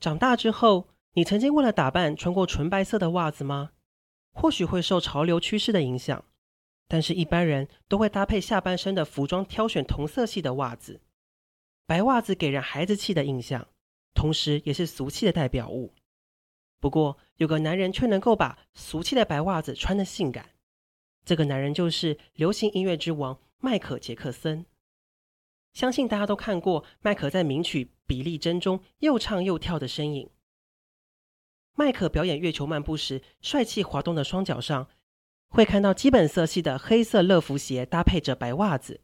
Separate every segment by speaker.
Speaker 1: 長大之後，你曾經為了打扮穿過純白色的襪子嗎？或許會受潮流趨勢的影響，但是一般人都會搭配下半身的服裝挑選同色系的襪子。白襪子給人孩子氣的印象，同時也是俗氣的代表物。不過，有個男人卻能夠把俗氣的白襪子穿得性感。這個男人就是流行音樂之王麥可傑克森。相信大家都看過麥可在名曲《比利珍》中又唱又跳的身影。麥可表演《月球漫步》時，帥氣滑動的雙腳上會看到基本色系的黑色樂福鞋搭配着白襪子。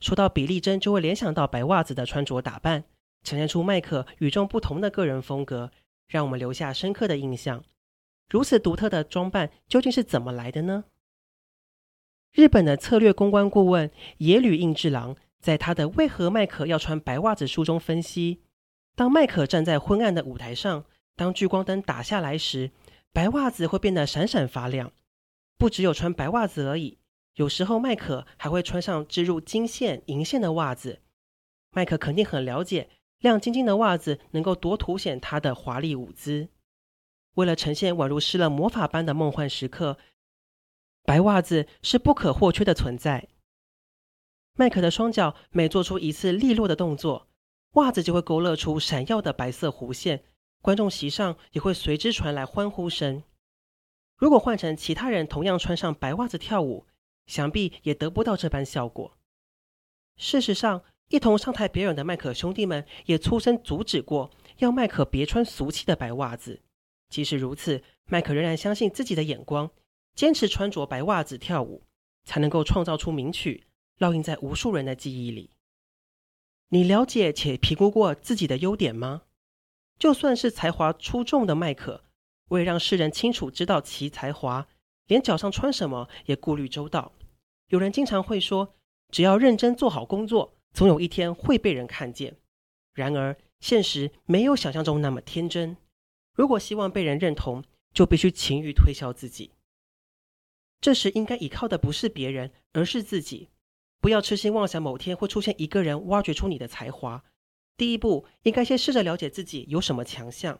Speaker 1: 說到《比利珍》，就會聯想到白襪子的穿着打扮，呈現出麥可與眾不同的個人風格。讓我們留下深刻的印象。如此獨特的裝扮究竟是怎麼來的呢？日本的策略公關顧問野呂映志郎在他的《為何麥可要穿白襪子書》書中分析：當麥可站在昏暗的舞台上，當聚光燈打下來時，白襪子會變得閃閃發亮。不只有穿白襪子而已，有時候麥可還會穿上織入金線、銀線的襪子。麥可肯定很了解。亮晶晶的襪子能夠多凸顯他的華麗舞姿。為了呈現宛如施了魔法般的夢幻時刻，白襪子是不可或缺的存在。麥可的雙腳每做出一次利落的動作，襪子就會勾勒出閃耀的白色弧線，觀眾席上也會隨之傳來歡呼聲。如果換成其他人同樣穿上白襪子跳舞，想必也得不到這般效果。事實上，一同上台表演的麥可兄弟們也出聲阻止過，要麥可別穿俗氣的白襪子。即使如此，麥可仍然相信自己的眼光，堅持穿着白襪子跳舞，才能夠創造出名曲，烙印在無數人的記憶裡。你了解且評估過自己的優點嗎？就算是才華出眾的麥可，為了讓世人清楚知道其才華，連腳上穿什麼也顧慮周到。有人經常會說，只要認真做好工作，總有一天會被人看見，然而現實沒有想象中那麼天真。如果希望被人認同，就必須勤於推銷自己。這時應該依靠的不是別人，而是自己。不要痴心妄想某天會出現一個人挖掘出你的才華。第一步應該先試着了解自己有什麼強項，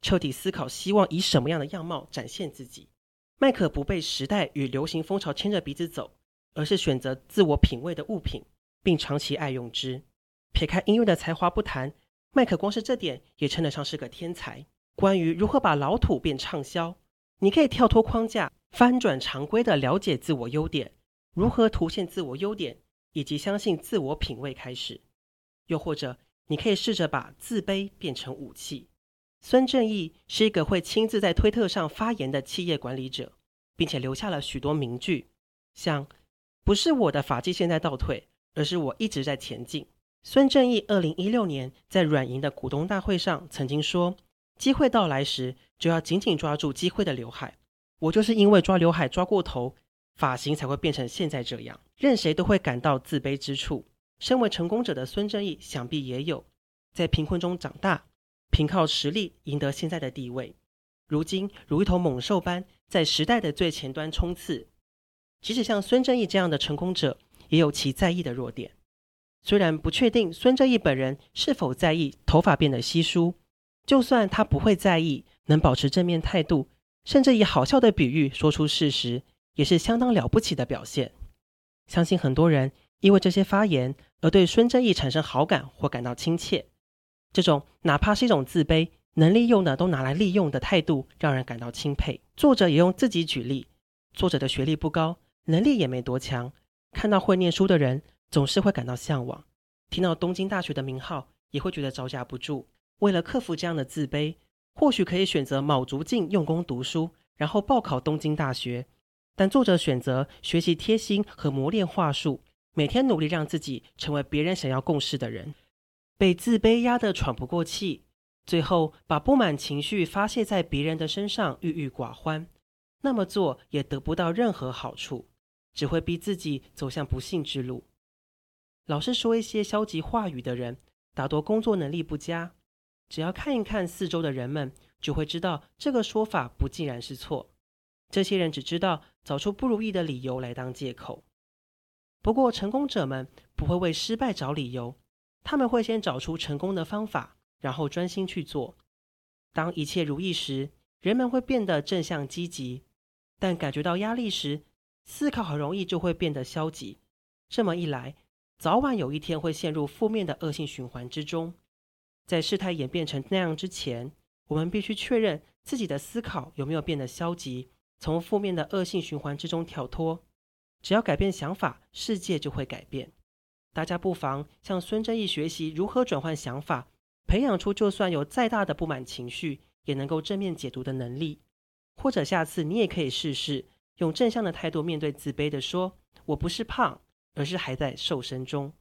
Speaker 1: 徹底思考希望以什麼樣的樣貌展現自己。麥可不被時代與流行風潮牽着鼻子走，而是選擇自我品味的物品。並長期愛用之。撇開音樂的才華不談，麥可光是這點也稱得上是個天才。關於如何把老土變暢銷，你可以跳脫框架，翻轉常規的了解自我優點，如何凸顯自我優點，以及相信自我品味開始。又或者，你可以試着把自卑變成武器。孫正義是一個會親自在推特上發言的企業管理者，並且留下了許多名句，像“不是我的法紀現在倒退”。而是我一直在前進。孫正義二零一六年在軟銀的股東大會上曾經說：“機會到來時，就要緊緊抓住機會的劉海。”我就是因為抓劉海抓過頭，髮型才會變成現在這樣。任誰都會感到自卑之處。身為成功者的孫正義，想必也有在貧困中長大，憑靠實力贏得現在的地位。如今如一頭猛獸般在時代的最前端衝刺。即使像孫正義這樣的成功者，也有其在意的弱點，雖然不確定孫正義本人是否在意頭髮變得稀疏，就算他不會在意，能保持正面態度，甚至以好笑的比喻說出事實，也是相當了不起的表現。相信很多人因為這些發言而對孫正義產生好感或感到親切。這種哪怕是一種自卑，能利用的都拿來利用的態度，讓人感到欽佩。作者也用自己舉例，作者的學歷不高，能力也沒多強。看到會念書的人，總是會感到向往；聽到東京大學的名號，也會覺得招架不住。為了克服這樣的自卑，或許可以選擇卯足勁用功讀書，然後報考東京大學。但作者選擇學習貼心和磨練話術，每天努力讓自己成為別人想要共事的人。被自卑壓得喘不過氣，最後把不滿情緒發洩在別人的身上，鬱鬱寡歡。那麼做也得不到任何好處。只會逼自己走向不幸之路。老是說一些消極話語的人，大多工作能力不佳。只要看一看四周的人們，就會知道這個說法不盡然是錯。這些人只知道找出不如意的理由來當借口。不過，成功者們不會為失敗找理由，他們會先找出成功的方法，然後專心去做。當一切如意時，人們會變得正向積極；但感覺到壓力時，思考很容易就會變得消極，這麼一來，早晚有一天會陷入負面的惡性循環之中。在事態演變成那樣之前，我們必須確認自己的思考有沒有變得消極，從負面的惡性循環之中跳脫。只要改變想法，世界就會改變。大家不妨向孫正義學習如何轉換想法，培養出就算有再大的不滿情緒，也能夠正面解讀的能力。或者下次你也可以試試。用正向的態度面對自卑地說：“我不是胖，而是還在瘦身中。”